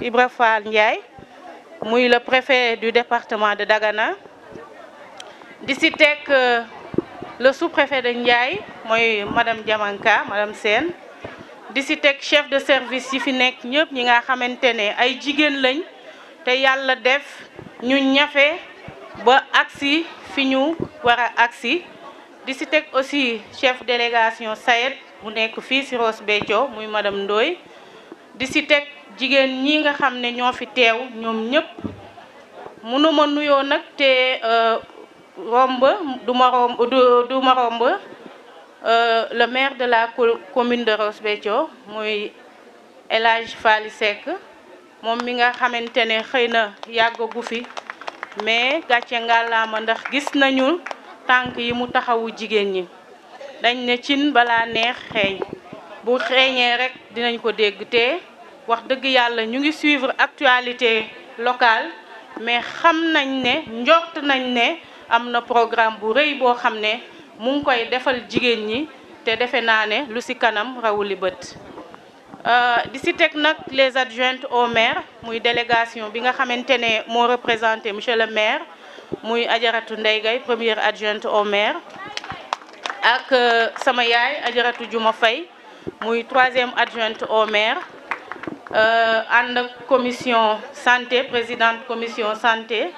Ibra Fall Ndiaye muy le préfet du département de Dagana D'ici si euh, le sous-préfet de Ndiaye mooy madame Diamanka madame Sen. D'ici si chef de service yi fi nekk ñëpp ñi nga xamante ne ay jigéen lañ te yàlla def ñu ñafe ba fi ñu aussi chef de délégation Saïd, bu nekk fii si madame Ndoye di si teg ñi nga xam ne ñoo fi teew ñoom ñëpp mënuma te euh, rombe du marom du ma romb euh, le maire de la commune de Rosbecho Béthio elage Falisek, Hadj Seck moom mi nga xamante ne xëy na yàggagu fi mais gàcce ngàllaama ndax gis nañu tank yi mu taxawu jigen ñi dañ ne cin bala neex xey bu xeeñee rek dinañ ko dégg te wax deug yalla ñu ngi suivre actualité locale mais xam nañ ne njort nañ ne amna programme bu reuy bo xamné mu ngi koy défal jigéen ñi té défé naané lu ci kanam rawu li bët euh, di ci teg les adjointes au maire muy délégation bi nga xamante ne moo représenté monsieur le maire muy ajaratu Ndeye Gaye première adjointe au maire ak euh, sama yaay ajaratu Juma Faye muy troisième adjointe au maire Euh, ànd ak commission santé présidente commission santé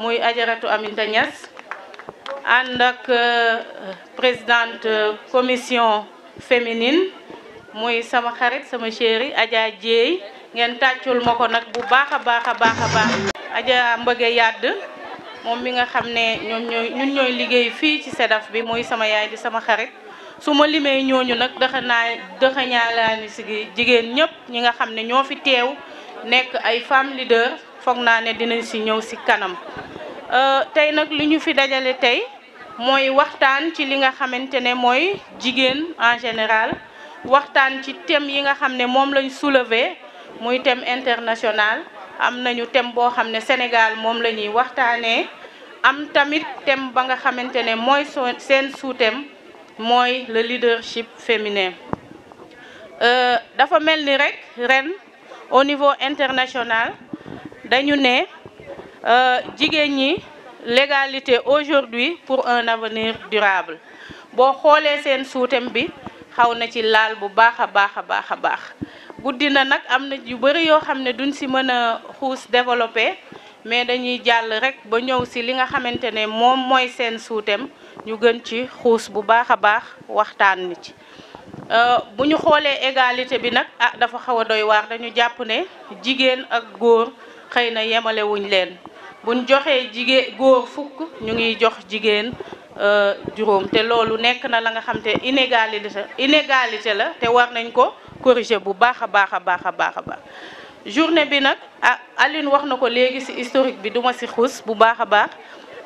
muy Ajaratu Aminta Niass ànd ak euh, présidente euh, commission féminine muy sama xarit sama chéri Adja Dieye ngeen tàccul ma ko nag bu baax a baax a baax a baax Adja Mbëgge Yàdd moom mi nga xam ne ñoom ñooy ñun ñooy liggéey fii ci SEDAF bi muy sama yaay di sama xarit su ma limee ñooñu nag daxa naa daxa ñaalaani si jigéen ñëpp ñi nga xam ne ñoo fi teew nekk ay femme leader foog naa ne dinañ si ñëw si kanam euh, tey nag li ñu fi dajale tey mooy waxtaan ci li nga xamante ne mooy jigéen en général waxtaan ci thème yi nga xam mom moom lañ soulever muy thème international am nañu thème boo xam ne Sénégal moom la ñuy waxtaanee am tamit thème ba nga xamante ne mooy seen sous-thème Moy le leadership féminin euh, dafa melni rek ren au niveau international dañu ne euh, jigéen l'égalité aujourd'hui pour un avenir durable bo xolé sen soutem bi xawna ci lal bu baax a baax a baax a baax guddi yu duñ ci mën xous développer mais dañuy jall rek ba ñëw ci li nga xamantene mom moy sen soutem ñu gën ci xuus bu baax a baax waxtaan ni ci euh, bu ñu xoolee égalité bi nag ah dafa xaw a doy waar dañu jàpp ne jigéen ak góor xëy na yemalewuñ leen buñ joxee jigéen góor fukk ñu ngiy jox jigéen euh, juróom te loolu nekk na la nga xam te inégalité inégalité la te war nañ ko corriger bu baax a baax a baax a baax a baax journée bi nag ah Aline wax na ko léegi ci historique bi duma ci xuus bu baax a baax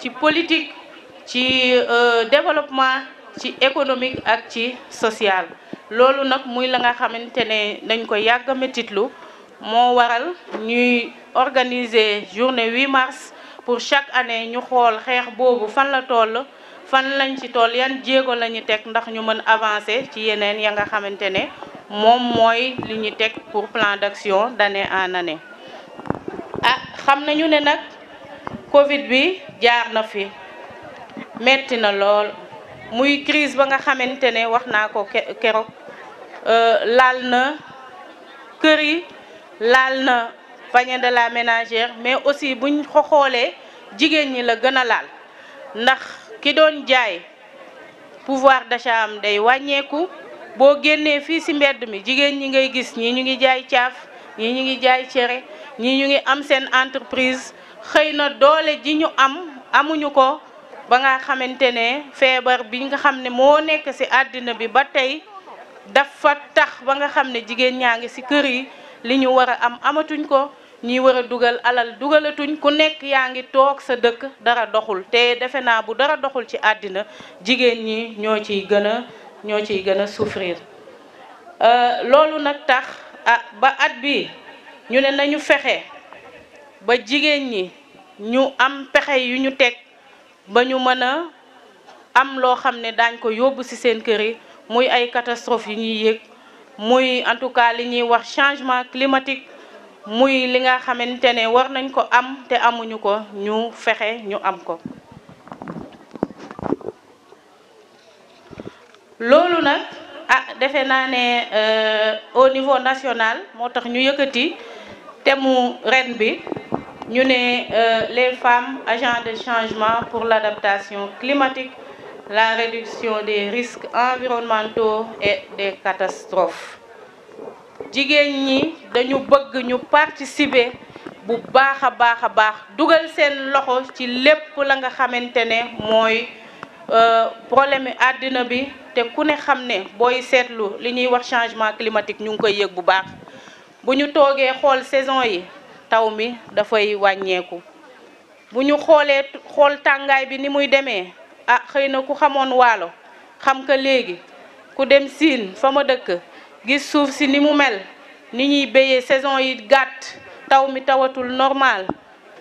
ci politique ci euh, développement ci économique ak ci social loolu n'ak muy la nga xamantene ne dañ ko yag a mo waral ñuy organiser journée 8 mars pour chaque année ñu xol xex bobu fan la toll fan lañ ci toll yan djégo la ñu ndax ñu mën avancer ci yenen ya nga xamantene mom moy liñu li pour plan d'action d'année en année ah xam nañu ne nak Covid bi jaar na fi metti na lool muy crise ba nga xamante ne wax naa ko keroog euh, laal na kër yi laal na panier de la ménagère mais aussi buñ xoxoolee jigéen ñi la gën a laal ndax ki doon jaay pouvoir d'achat am day wàññeeku boo génnee fii ci mbedd mi jigéen ñi ngay gis ñii ñu ngi jaay caaf ñi ñu ngi jaay cere ñii ñu ngi am seen entreprise xëy na doole ji ñu am amuñu ko ba nga xamante ne feebar bi nga xam ne moo nekk ci àddina bi ba tey dafa tax ba nga xam ne jigéen ñaa ngi ci kër yi li ñu war a am amatuñ ko ñi war a dugal alal dugalatuñ ku nekk yaa ngi toog sa dëkk dara doxul te defe naa bu dara doxul ci àddina jigéen ñi ñoo ciy gën a ñoo ciy gën a souffrir euh, loolu nag tax ah, ba at bi ñu ne nañu fexe ba jigéen ñi ñu am pexe yu ñu teg ba ñu mën a am loo xam ne daañ ko yóbbu ci seen kër yi muy ay catastrophe yu ñuy yëg muy en tout cas li ñuy wax changement climatique muy li nga xamante ne war nañ ko am te amuñu ko ñu fexe ñu am ko loolu nag ah defe naa ne euh, au niveau national moo tax ñu yëkkati thème mu ren bi ñu ne euh, les femmes agents de changement pour l'adaptation climatique la réduction des risques environnementaux et des catastrophes jigéen ñi dañu bëgg ñu participer bu baax a baax a sen loxo ci lépp la nga xamante moy euh problème adina bi te ku ne xam boy booy li ñuy wax changement climatique ñu ngi koy yegg bu baax bu ñu toogee xool saison yi taw mi dafay wàññeeku bu ñu xoolee xool tàngaay bi ni muy demee ah xëy na ku xamoon waalo xam ka léegi ku dem siin fa ma dëkk gis suuf si ni mu mel ni ñuy béyee saison yi gàtt taw mi tawatul normal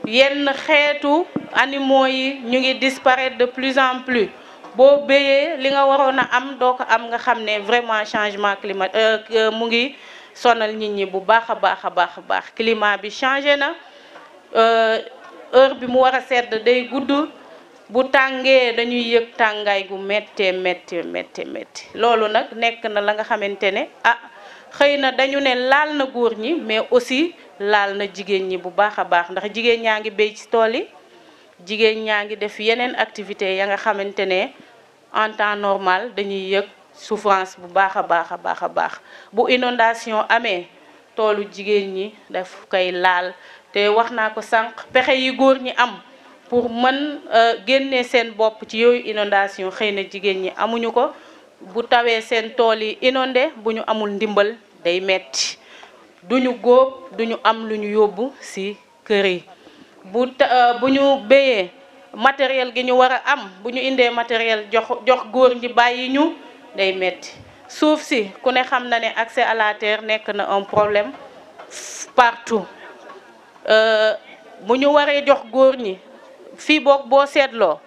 yenn xeetu animaux yi ñu ngi disparaître de plus en plus boo béyee li nga waroon a am doo ko am nga xam ne vraiment changement climatique euh, euh, mu ngi sonal nit ñi bu baax a baax a baax a baax climat bi changé na euh, heure bi mu war a sedd day gudd bu tàngee dañuy yëg tàngaay gu méttee méttee méttee métti loolu nag nekk na la nga xamante ne ah xëy na dañu ne laal na góor ñi mais aussi laal na jigéen ñi bu baax a baax ndax jigéen ñaa ngi béy ci tool yi jigéen ñaa ngi def yeneen activité ya nga xamante ne en temps normal dañuy yëg souffrance bu baax a baax a baax a baax bu inondation amee toolu jigéen ñi daf koy laal te wax naa ko sànq pexe yi góor ñi am pour mën euh, génne seen bopp ci yooyu inondation xëy na jigéen ñi amuñu ko bu tawee seen tool yi inonde bu ñu amul ndimbal day metti duñu góob duñu am lu ñu yóbbu ci kër yi bu euh, bu ñu béyee matériel gi ñu war a am bu ñu indee matériel jox jox góor ñi bàyyi ñu day metti suuf si ku ne xam na ne accès à la terre nekk na un problème partout euh, bu ñu waree jox góor ñi fii boog boo seetloo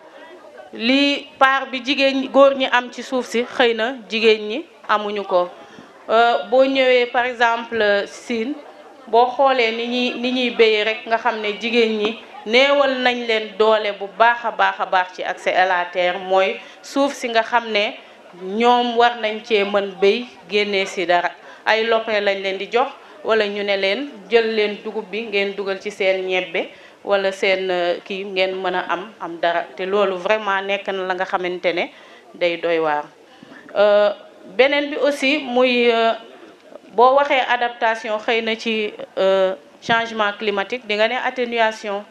lii part bi jigéen góor ñi am ci suuf si xëy na jigéen ñi amuñu ko euh, boo ñëwee par exemple euh, Sine boo xoolee ni ñuy ni ñuy béy rek nga xam ne jigéen ñi néewal nañ leen doole bu baax a baax a baax ci accès à la terre mooy suuf si nga xam ne ñoom war nañ cee mën béy génnee ci dara ay lopin lañ leen di jox wala ñu ne leen jël leen dugub bi ngeen dugal ci seen ñebbe wala seen euh, kii ngeen mën a am am dara te loolu vraiment nekk na la nga xamante ne day doy waar. Euh, beneen bi aussi muy euh, boo waxee adaptation xëy na ci changement climatique di nga ne atténuation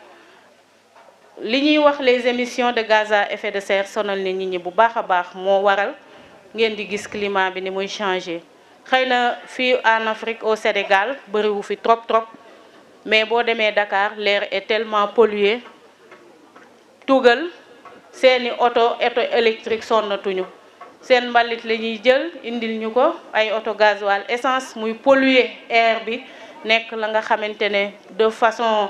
li ñuy wax les émissions de gaz à effet de serre sonal na nit ñi bu baax a baax moo waral ngeen di gis climat bi ni muy changé xëy fi fii en Afrique au Sénégal wu fi trop trop mais bo demee Dakar l'air est tellement pollué tougal seeni auto auto électrique sonatuñu sen mbalit lañuy jël indil ñu ay auto gasoil essence muy polluer air bi nek la nga xamantene de façon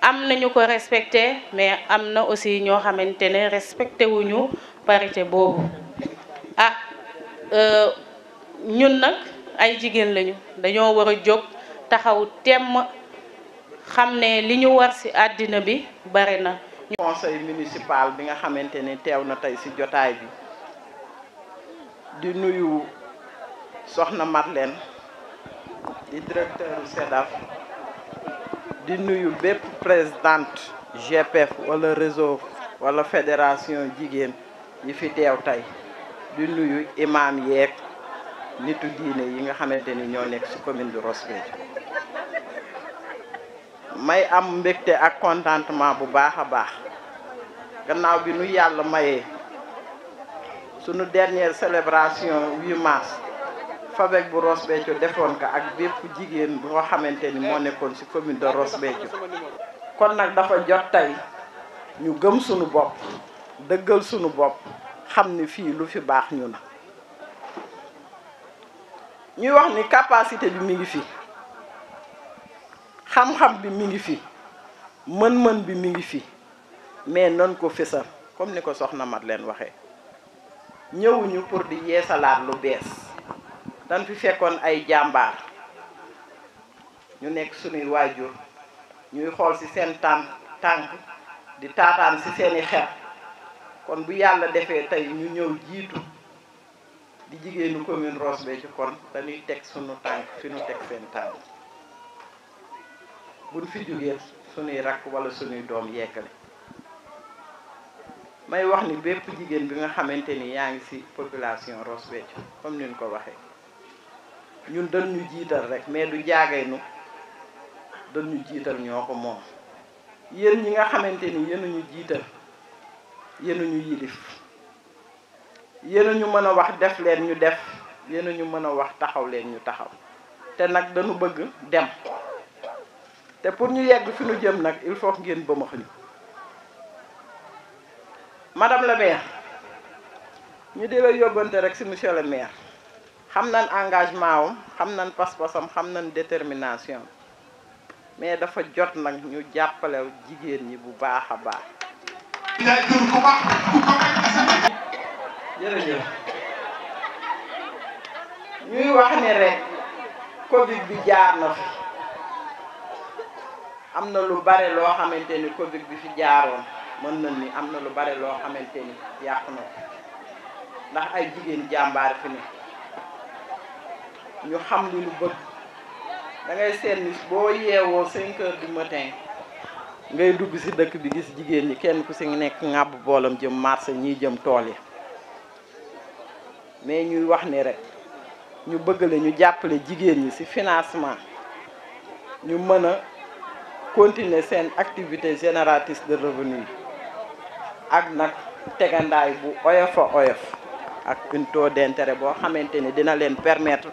am nañu ko respecté mais am na aussi ñoo xamante ne respecté wuñu parité boobu ah euh, ñun nag ay jigéen lañu dañoo war a jóg taxaw temm xam ne li ñu war ci àddina bi bare na. conseil municipal bi nga xamante ni teew na tey ci jotaay bi di nuyu soxna Marlène di directeur SEDAF di nuyu bépp présidente GPF wala réseau la fédération jigéen yi fi teew tey di nuyu imam yeeg nitu diine yi nga xamante ni commune de am mbégte ak contentement bu a dernière célébration 8 mars Fabeg bu Ross Béthio defoon ko ak bépp jigéen bu nga xamante ni moo nekkoon ci commune de Ross Béthio kon nag dafa jot tey ñu gëm sunu bopp dëggal sunu bopp xam ni fii lu fi baax ñu na ñuy wax ni capacité bi mi ngi fi xam-xam bi mi ngi fi mën-mën bi mi ngi fi mais nan ko fésal comme ni ko soxna mat leen waxee ñëwuñu pour di yeesalaat lu bees dañ fi fekkoon ay jàmbaar ñu nekk sunuy waajur ñuy xool ci seen tànk di taataan ci seeni xet kon bu yàlla defee tey ñu ñëw jiitu di jigéenu commune Ross Béthio kon dañuy teg sunu tànk fi ñu teg seen tànk buñ fi jógee sunuy rakk wala sunuy doom yekkale may wax ni bépp jigéen bi nga xamante ni yaa ngi ci population Ross Béthio comme ni ñu ko waxee ñun dañ ñu jiital rek mais du jaagay nu dañ ñu jiital ñoo ko moom yéen ñi nga xamante ni yéen ñu jiital yéen ñu yilif yéen ñu mën a wax def leen ñu def yéen ñu mën a wax taxaw leen ñu taxaw te nag dañu bëgg dem te pour ñu yegg fi ñu jëm nag il faut ngeen bëmax ñu madame la maire ñu di la yóbbante rek si monsieur le maire xam nañ engagement wam xam nañ pas-pasam xam nañ détermination mais dafa jot nag ñu jàppale jigéen ñi bu baax a baax. jërëjëf ñuy wax ni rek Covid bi jaar na fi am na lu bare loo xamante ni Covid bi fi jaaroon mën na ni am na lu bare loo xamante ni yàqu na ndax ay jigéen jàmbaar fi ne. ñu xam li nu bëgg da ngay seet boo yeewoo cinq heures du matin ngay dugg ci dëkk bi gis jigéen ñi kenn ku ci nekk ŋàbb boolam jëm marché ñi jëm tool yi mais ñuy wax ni rek ñu bëgg la ñu jàppale jigéen ñi ci financement ñu mën a continuer seen activité génératrice de revenu ak nag tegandaay bu oyof a oyof ak un taux d'intérêt boo xamante ni dina leen permettre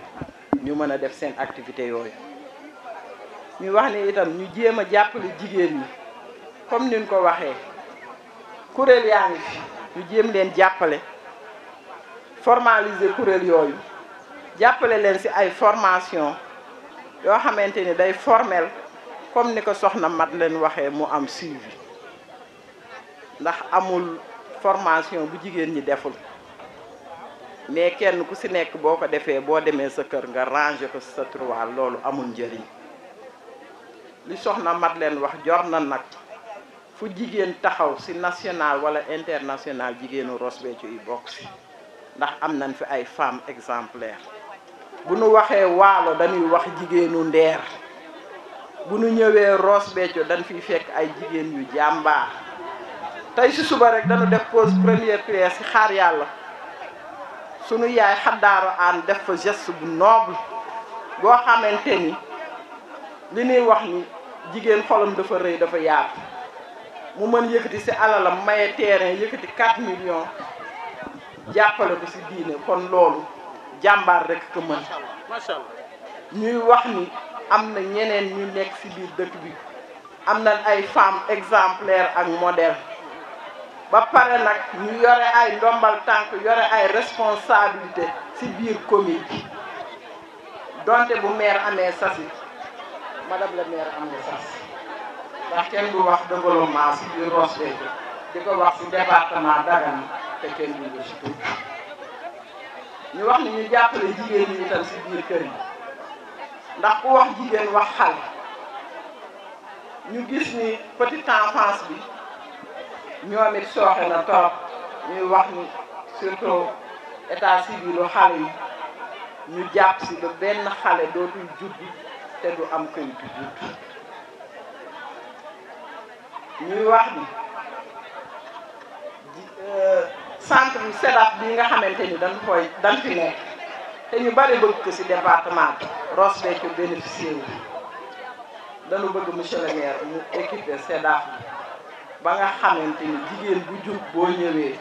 ñu mën a def seen activité yooyu ñu wax ni itam ñu jéem a jàppale jigéen ñi comme niñ ko waxee kuréel yaa ngi fi ñu jéem leen jàppale formaliser kuréel yooyu jàppale leen ci ay formation yoo xamante ni day formel comme ni ko soxna mat leen waxee mu am suivi ndax amul formation bu jigéen ñi deful mais kenn ku si nekk boo ko defee boo demee sa kër nga ranger ko sa tiroir loolu amul njëriñ li soxna mat leen wax jor na nag fu jigéen taxaw si national wala international jigéenu Ross Béthio yi bokk si ndax am nañ fi ay femmes exemplaires bu nu waxee waalo dañuy wax jigéenu ndeer bu nu ñëwee Ross Béthio dañ fiy fekk ay jigéen yu jàmbaar tey si suba rek dañu def pose première pierre si xaar yàlla sunu yaay xaddaaru aan def fa geste bu noble boo xamante ni li ñuy wax ni jigéen xolam dafa rëy dafa yaatu mu mën yëkkati si alalam maye terrain yëkkati 4 millions jàppale ko si diine kon loolu jàmbaar rek ko mën ñuy wax ni am na ñeneen ñu nekk si biir dëkk bi am na ay femmes exemplaires ak modèles ba pare nag ñu yore ay ndombal tànk yore ay responsabilité ci biir commune bi bu maire amee sasi madame la maire amee sasi ndax kenn du wax développement ci biir Ross Béthio di ko wax ci département Dagana te kenn du ñu wax ni ñu jàppale jigéen ñi itam ci biir kër yi ndax ku wax jigéen wax xale ñu gis ni petite enfance bi ñoom it sooxe na torop ñuy wax ni surtout état civil lu xale yi ñu jàpp si ba benn xale dootul judd te du am këyitu judd ñuy wax ni euh, centre SEDAF bi nga xamante ni dañ koy dañ fi nekk te ñu bari bëgg ko ci département bi Ross Béthio bénéficier bëgg mu le maire mu équipe SEDAF ba nga xamante ni jigéen bu jóg boo ñëwee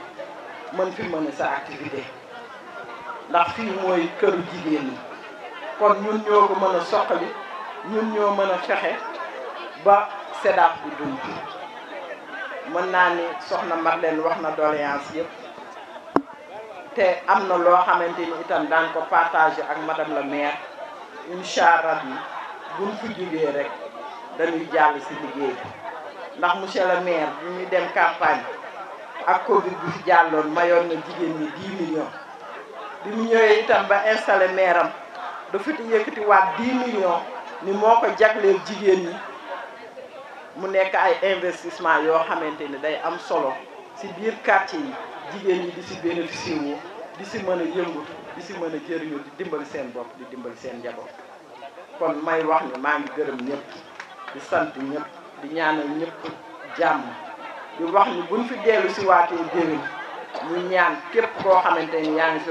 mën fi mën a sa activité ndax fii mooy këru jigéen ñi kon ñun ñoo ko mën a soqali ñun ñoo mën a fexe ba SEDAF bu dund mën naa ni soxna leen wax na doléance yëpp te am na loo xamante ni itam daan ko partagé ak madame la maire incha allah buñ fi jógee rek dañuy jàll si liggéey ndax monsieur le maire bi ñu dem campagne ak Covid bi ci jàlloon mayoon na jigéen ñi di millions bi mu ñëwee itam ba installé maire am dafa ti yëkkati waat 10 millions ni moo ko jagleel jigéen ñi mu nekk ay investissement yoo xamante ni day am solo ci biir quartier yi jigéen ñi di ci bénéficier wu di ci mën a yëngutu di ci mën a jëriñu di dimbali seen bopp di dimbali seen njaboot kon may wax ni maa ngi gërëm ñëpp di sant ñëpp di ñaanal ñëpp jàmm di wax ni buñ fi dellu si waatee déwén ñu ñaan képp koo xamante ni yaa ngi si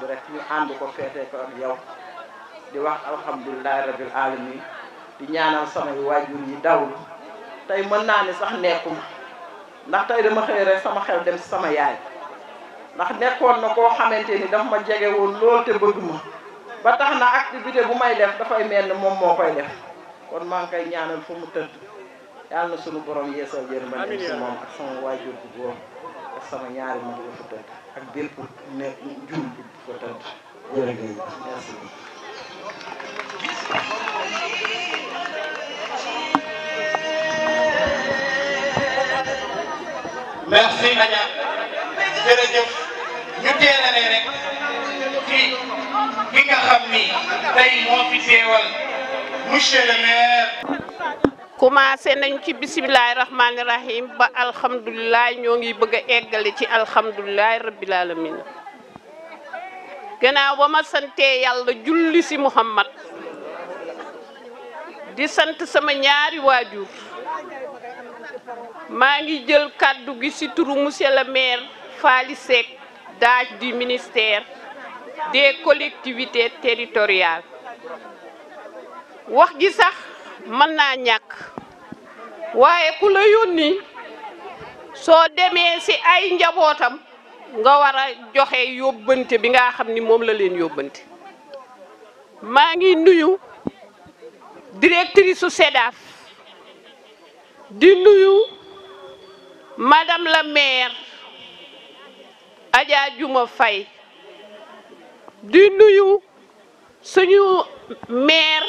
bi rek ñu ànd ko feete ko ak yow di wax alhamdulilahi rabil alamin di ñaanal samay waajur yi dawul tey mën naa ne sax nekkuma ndax tey dama xëy rek sama xew dem sama yaay ndax nekkoon na koo xamante ni dafa ma jege woon lool te bëgg ma ba tax na activité bu may def dafay mel na moom moo koy def kon maa ngi koy ñaanal fu mu tëdd yàlla na sunu borom yeesal yërmande si moom ak sama waajur bu góor ak sama ñaari mag yu ko tëdd ak bépp nekk jur bi ko tëdd jërëjëf merci merci Adja jërëjëf ñu teelale rek ci ki nga xam ni tey moo fi teewal monsieur le maire commencé nañ ci bisimilahi rahmaani rahim ba alhamdulilah ñoo ngi bëgg a eggale ci alhamdulilah rabbil alamin gannaaw ba ma santee yàlla julli ci Muhammad di sant sama ñaari waajur maa ngi jël kàddu gi ci turu monsieur le maire Faly Seck daaj du ministère des collectivités territoriales wax gi sax mën naa ñàkk waaye ku la yónni soo demee si ay njabootam nga war a joxe yóbbante bi nga xam ni moom la leen yóbbante maa ngi nuyu directrice su SEDAF di nuyu madame la maire Adja Juma Faye di nuyu suñu maire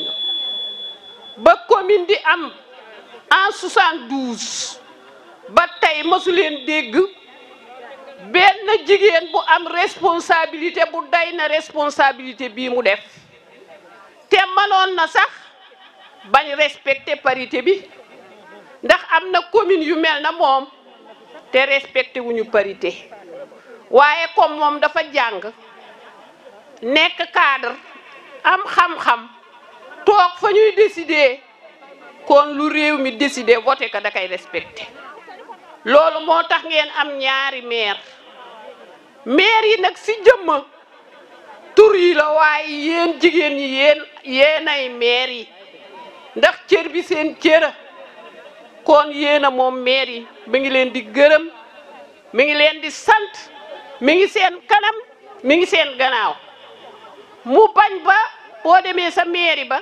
ba commune di am en 72 ba tey mësuleen dégg benn jigéen bu am responsabilité bu day na responsabilité bii mu def te mënoon na sax bañ respecté parité bi ndax am na commune yu mel na moom te respecté wuñu parité waaye comme moom dafa jàng nekk cadre am xam-xam toog fa ñuy décider kon lu réew mi décider wote ka da koy respecté loolu moo tax ngeen am ñaari meer meer yi nag si jëmm tur yi la waaye yéen jigéen ñi yéen yéenay maire yi ndax cër bi seen cëra kon yéen a moom maire yi mi ngi leen di gërëm mi ngi leen di sant mi ngi seen kanam mi ngi seen gannaaw mu bañ ba boo demee sa mairie ba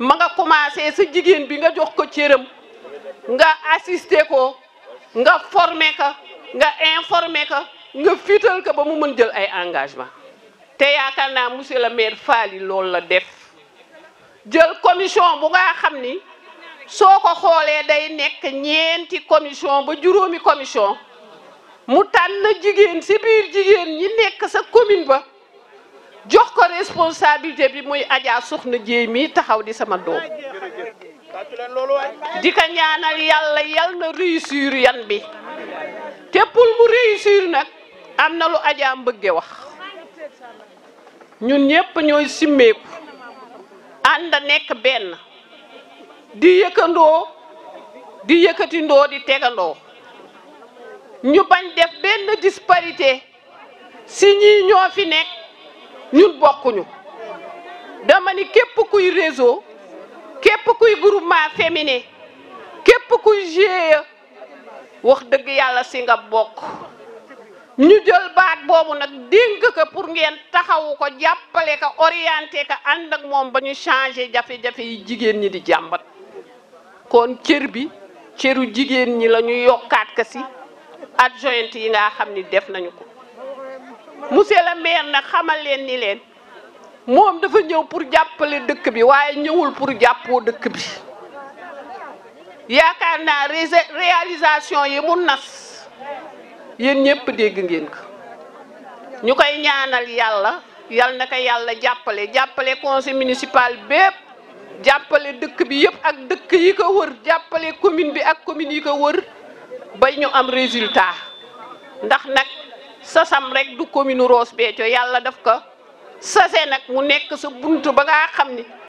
ma nga commencé sa jigéen bi nga jox ko cëram nga assister ko nga former ka nga informer ka nga fiital ka ba mu mën jël ay engagement te yaakaar monsieur le maire Faly loolu la def jël commission bu nga xam ni soo ko xoolee day nekk ñeenti commission ba juróomi commission mu tànn jigéen si biir jigéen ñi nekk sa commune ba jox ko responsabilité bi muy Adja Soxna Jéey taxaw di sama do di ka ñaanal yalla yal na réussir yan bi te pour mu réussir nak amna lu Adja mbëgge wax ñun ñoy simé ko anda nek ben di yëkkandoo di ndo di tegandoo ñu bañ def ben disparité si ñi ñofi nek ñun bokkuñu dama ni képp kuy réseau képp kuy groupement féminin képp kuy GIE wax dëgg yàlla si nga bokk ñu jël baat boobu nag dénk ko pour ngeen taxawu ko jàppale ko orienté ko ànd ak moom ba ñu changé jafe-jafe yi jigéen ñi di jàmbat kon cër bi cëru jigéen ñi la ñu yokkaat ko si adjointe yi nga xam ni def nañu ko monsieur le maire na xamal leen ni leen moom dafa ñëw pour jàppale dëkk bi waaye ñëwul pour jàppoo dëkk bi yaakaar naa réalisation yi mu nas yéen ñëpp dégg ngeen ko ñu koy ñaanal yàlla yal na ko yàlla jàppale jàppale conseil municipal bépp jàppale dëkk bi yëpp ak dëkk yi ko wër jàppale commune bi ak commune yi ko wër ba ñu am résultat ndax nag sa sam rek du commune Ross Béthio yàlla daf ko sase nag mu nekk sa bunt ba nga xam ni